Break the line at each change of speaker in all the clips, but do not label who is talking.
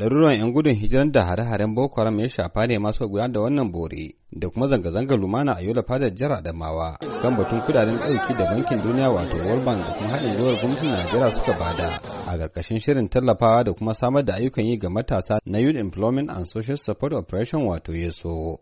ɗaruruwan 'yan gudun hijiran da hare-haren boko haram ya shafa ne masu guda da wannan bore da kuma zanga-zangar lumana a yola fadar jihar adamawa kan batun kudaden ɗauki da bankin duniya wato world bank da kuma haɗin gwiwar gwamnatin najeriya suka bada a ƙarƙashin shirin tallafawa da kuma samar da ayyukan yi ga matasa na youth employment and social support operation wato yeso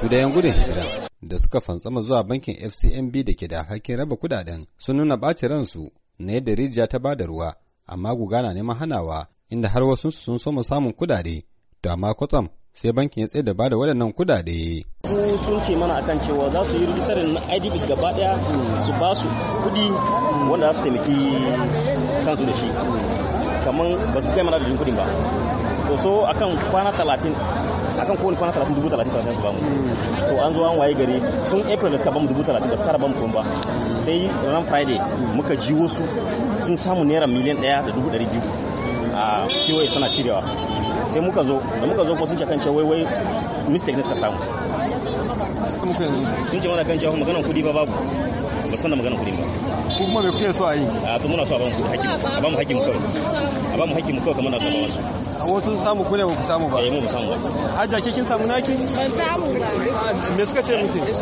su da 'yan gudun hijira da suka fantsama zuwa bankin fcmb da ke da hakkin raba kudaden sun nuna ɓacin ransu na yadda rijiya ta bada ruwa amma guga na neman hanawa inda har wasu sun so mu samun kudade to amma kwatsam sai bankin ya tsaye da bada waɗannan kudade.
sun ce mana akan cewa za su yi rijistar idps gaba daya su ba su kudi wanda za su taimaki kansu da shi kamar ba su kai mana da kudin ba to so akan kwana talatin akan kowane kwana talatin dubu talatin talatin su bamu to an zo an waye gari tun april da suka bamu dubu talatin ba su kara bamu kuma ba sai ran friday muka ji wasu sun samu naira miliyan daya da dubu dari biyu a kewaye suna cirewa sai muka zo da muka zo ko sun ce kan cewa wai wai mistake ne suka samu sun ce mana kan cewa maganan kudi ba babu ba san da maganan kudi ba ko kuma me kuke so a yi a to muna so a ba mu hakimu mu kawai a ba mu kawai kamar na so ba wasu a wasu samu ku ne ba ku samu ba eh mu samu ba hajja ke kin samu naki ban samu ba me suka ce muke ba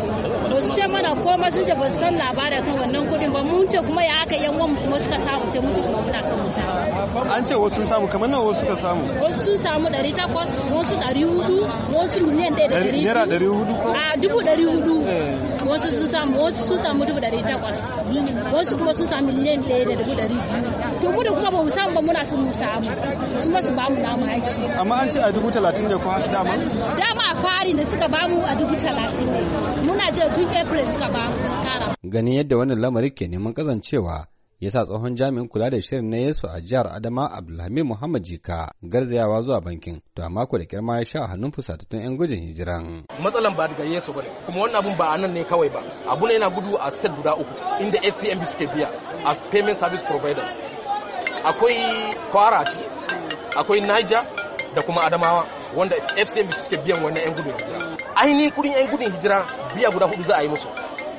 su ce mana koma sun ce ba su san labarin kan wannan kudin ba mun ce kuma ya aka yan wan kuma suka samu sai mutu kuma muna son mu samu
an ce wasu sun samu kamar nawa wasu suka samu
wasu sun samu 800 wasu 400 wasu miliyan 100 naira 400 a dubu 400 wasu sun samu wasu sun samu dubu dari takwas wasu kuma sun samu miliyan ɗaya da dubu dari to mu da kuma ba mu samu ba muna son mu samu su ma su ba mu namu haƙƙi
amma an ce a dubu talatin da kuma dama
dama a fari da suka ba mu a dubu talatin ne muna jira tun april suka ba
mu ganin yadda wannan lamari ke neman kazancewa ya sa tsohon jami'in kula da shirin na Yesu a jihar Adama Abdulhamid Muhammad Jika garzayawa zuwa bankin to amma ko da kirma ya sha a hannun fusatattun yan gudun hijiran
matsalan ba daga Yesu bane kuma wannan abun ba a nan ne kawai ba abu ne yana gudu a state guda uku inda FCMB suke biya as payment service providers akwai Kwarachi akwai Niger da kuma Adamawa wanda FCMB suke biyan wannan yan gudun hijira ainihin kudin yan gudun hijira biya guda hudu za a yi musu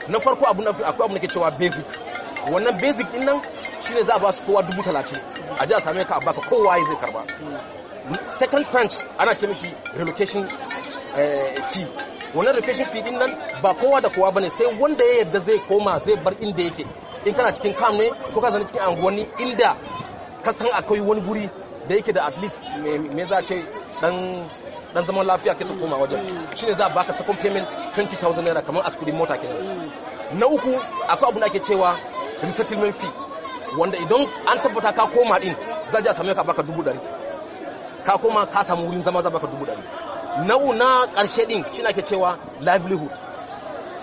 na farko abu na akwai abu ke cewa basic wannan basic din nan shine za a ba su kowa dubu talatin a ji a same ka a baka kowa ya zai karba second tranche ana ce mishi relocation eh, fee wannan relocation fee din nan ba kowa da kowa bane sai wanda ya yarda zai koma zai bar inda yake in kana cikin kam ne ko ka zana cikin anguwanni inda ka san akwai wani guri da yake da at least me za a ce dan dan zaman lafiya kai su koma wajen shine za a baka second payment 20000 naira kamar askuri mota kenan mm. na uku akwai abu da ake cewa resettlement fee wanda idan an tabbata ka koma din za a same ka baka dubu ɗari ka koma ka samu wurin zama za baka dubu ɗari nau na ƙarshe din shi ke cewa livelihood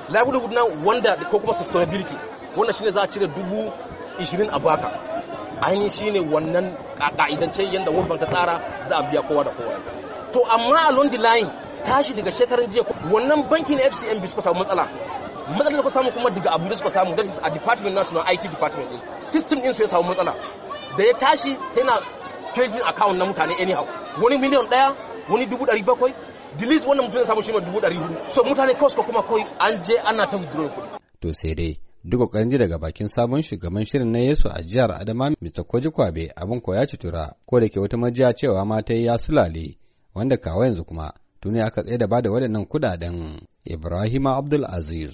livelihood na wanda ko kuma sustainability wanda shine za a cire dubu ishirin a baka ainihin shine wannan ka'idance yadda wurban bank ta tsara za a biya kowa da kowa to amma along the line tashi daga shekarar jiya wannan bankin fcmb suka samu matsala matsalar da ku samu kuma daga da suka samu that is a department nasu na IT department din system din su ya samu matsala da ya tashi sai na trading account na mutane anyhow wani miliyan daya wani dubu dari bakwai dilis wannan mutum ya samu shi ma dubu dari hudu so mutane kawai suka kuma kawai an je ana ta withdraw kuɗi.
to sai dai duk kokarin ji daga bakin sabon shugaban shirin na Yesu a jihar Adama Mr. Koji Kwabe abin ko ya tura ko da ke wata majiya cewa mata ya sulale wanda kawa yanzu kuma tuni aka tsaye da bada waɗannan kudaden Ibrahima Abdul Aziz